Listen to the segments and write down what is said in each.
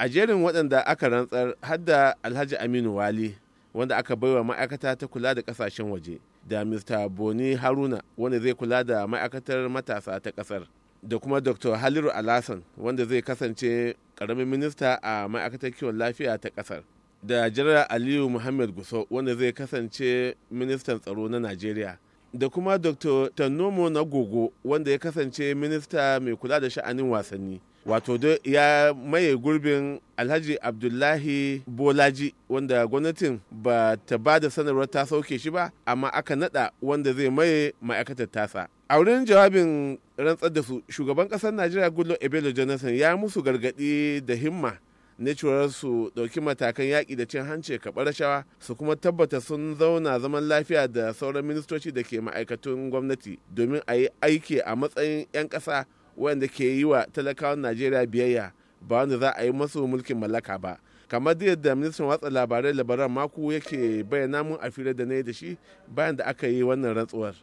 a jerin waɗanda aka rantsar hadda alhaji aminu wali wanda aka baiwa ma'aikata ta kula da ƙasashen waje da mr boni haruna wanda zai kula da ma'aikatar matasa ta ƙasar da kuma dr haliru alasan wanda zai kasance ƙaramin minista a ma'aikatar kiwon lafiya ta ƙasar da jiran aliyu muhammad guso wanda zai kasance ministan tsaro na najeriya da kuma dr tannomo na gogo wanda ya kasance minista mai kula da sha'anin wasanni wato da ya maye gurbin alhaji abdullahi bolaji wanda gwamnatin ba ta ba da sanarwar ta sauke shi ba amma aka nada wanda zai maye ma'aikatar tasa a wurin jawabin rantsar da su shugaban kasar najeriya gullo ebelo jonathan ya musu gargadi da himma na cewar su ɗauki matakan yaƙi da cin hanci ka rashawa su kuma tabbata sun zauna zaman lafiya da sauran ministoci da ke ma'aikatun gwamnati domin a yi aiki a matsayin 'yan ƙasa wanda ke yi wa talakawan najeriya biyayya ba wanda za a yi masu mulkin mallaka ba kamar da yadda ministan watsa labarai labaran mako yake bayyana mun a fira da na yi da shi bayan da aka yi wannan rantsuwar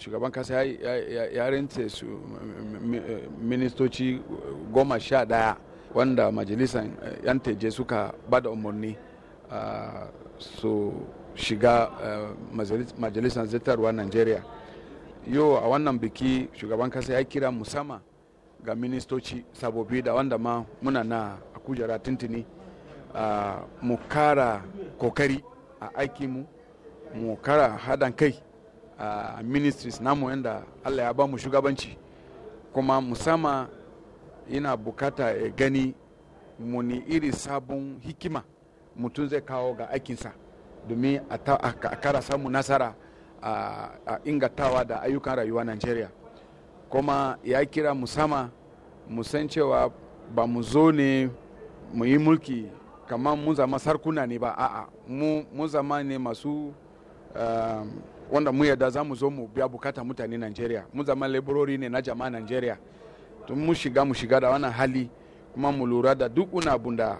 shugaban kasa ya rinta su eh, ministoci goma sha daya wanda majalisan eh, yan teje suka bada umarni ah, su shiga eh, majalisar zartarwa najeriya Yo a wannan biki shugaban kasa ya kira musama ga ministoci sabobi da wanda ma muna na a kujera tintini mu kara kokari a aikinmu mu kara hadan kai a ministries namu yadda allah ya ba mu shugabanci kuma musama yana bukata ya gani mu ni iri sabon hikima mutum zai kawo ga aikinsa domin a kara samu nasara a ingantawa da ayyukan rayuwa Najeriya. Kuma ya kira musama musan cewa ba mu zo ne mu yi mulki kamar mun zama sarkuna ne ba a'a mu zama ne masu um, wanda mu yadda za mu zo mu biya bukata mutane Najeriya Mu zama laborori ne na jama'a Najeriya tun mu shiga mu shiga da wannan hali kuma mu lura da duk wani abun da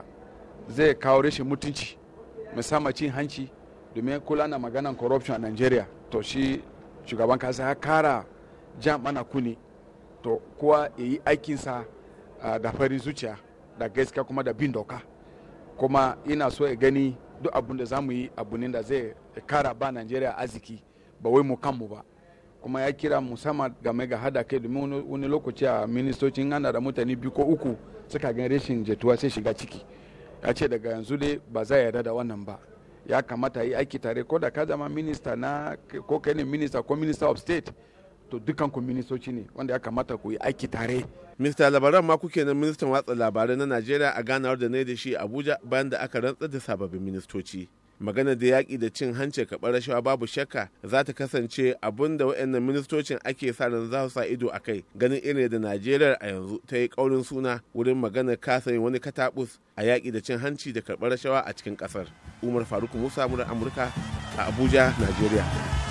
zai kawo rashin mutunci musamman cin hanci domin kula na maganan corruption a nigeria to shi shugaban kasa ya kara jan mana kuni to kuwa ya yi aikinsa ah, da farin zuciya da gaskiya kuma da bin doka kuma ina so ya gani duk abun da za mu yi abu ne da zai kara ba nigeria arziki ba wai mu kanmu ba kuma ya kira musamman game ga hada kai domin wani lokaci a ministocin ana da mutane biyu ko uku suka gan rashin jetuwa sai shiga ciki ya ce daga yanzu dai ba za yarda da wannan ba ya kamata yi aiki tare ko da ka zama minista na ko kai ne minista ko minister of state to dukkan ku ministoci ne wanda ya kamata ku yi aiki tare Mista Labaran ma kuke na ministan watsa labarai na Najeriya a ganawar da ne da shi Abuja bayan da aka rantsar da sababbin ministoci. magana da yaƙi da cin hanci kaɓar rashawa babu shakka za ta kasance abun da waɗannan ministocin ake sa ran za su sa ido a kai ganin irin da najeriya a yanzu ta yi ƙaurin suna wurin magana kasa wani katabus a yaƙi da cin hanci da karɓar rashawa a cikin ƙasar umar faruk musa murar amurka a abuja najeriya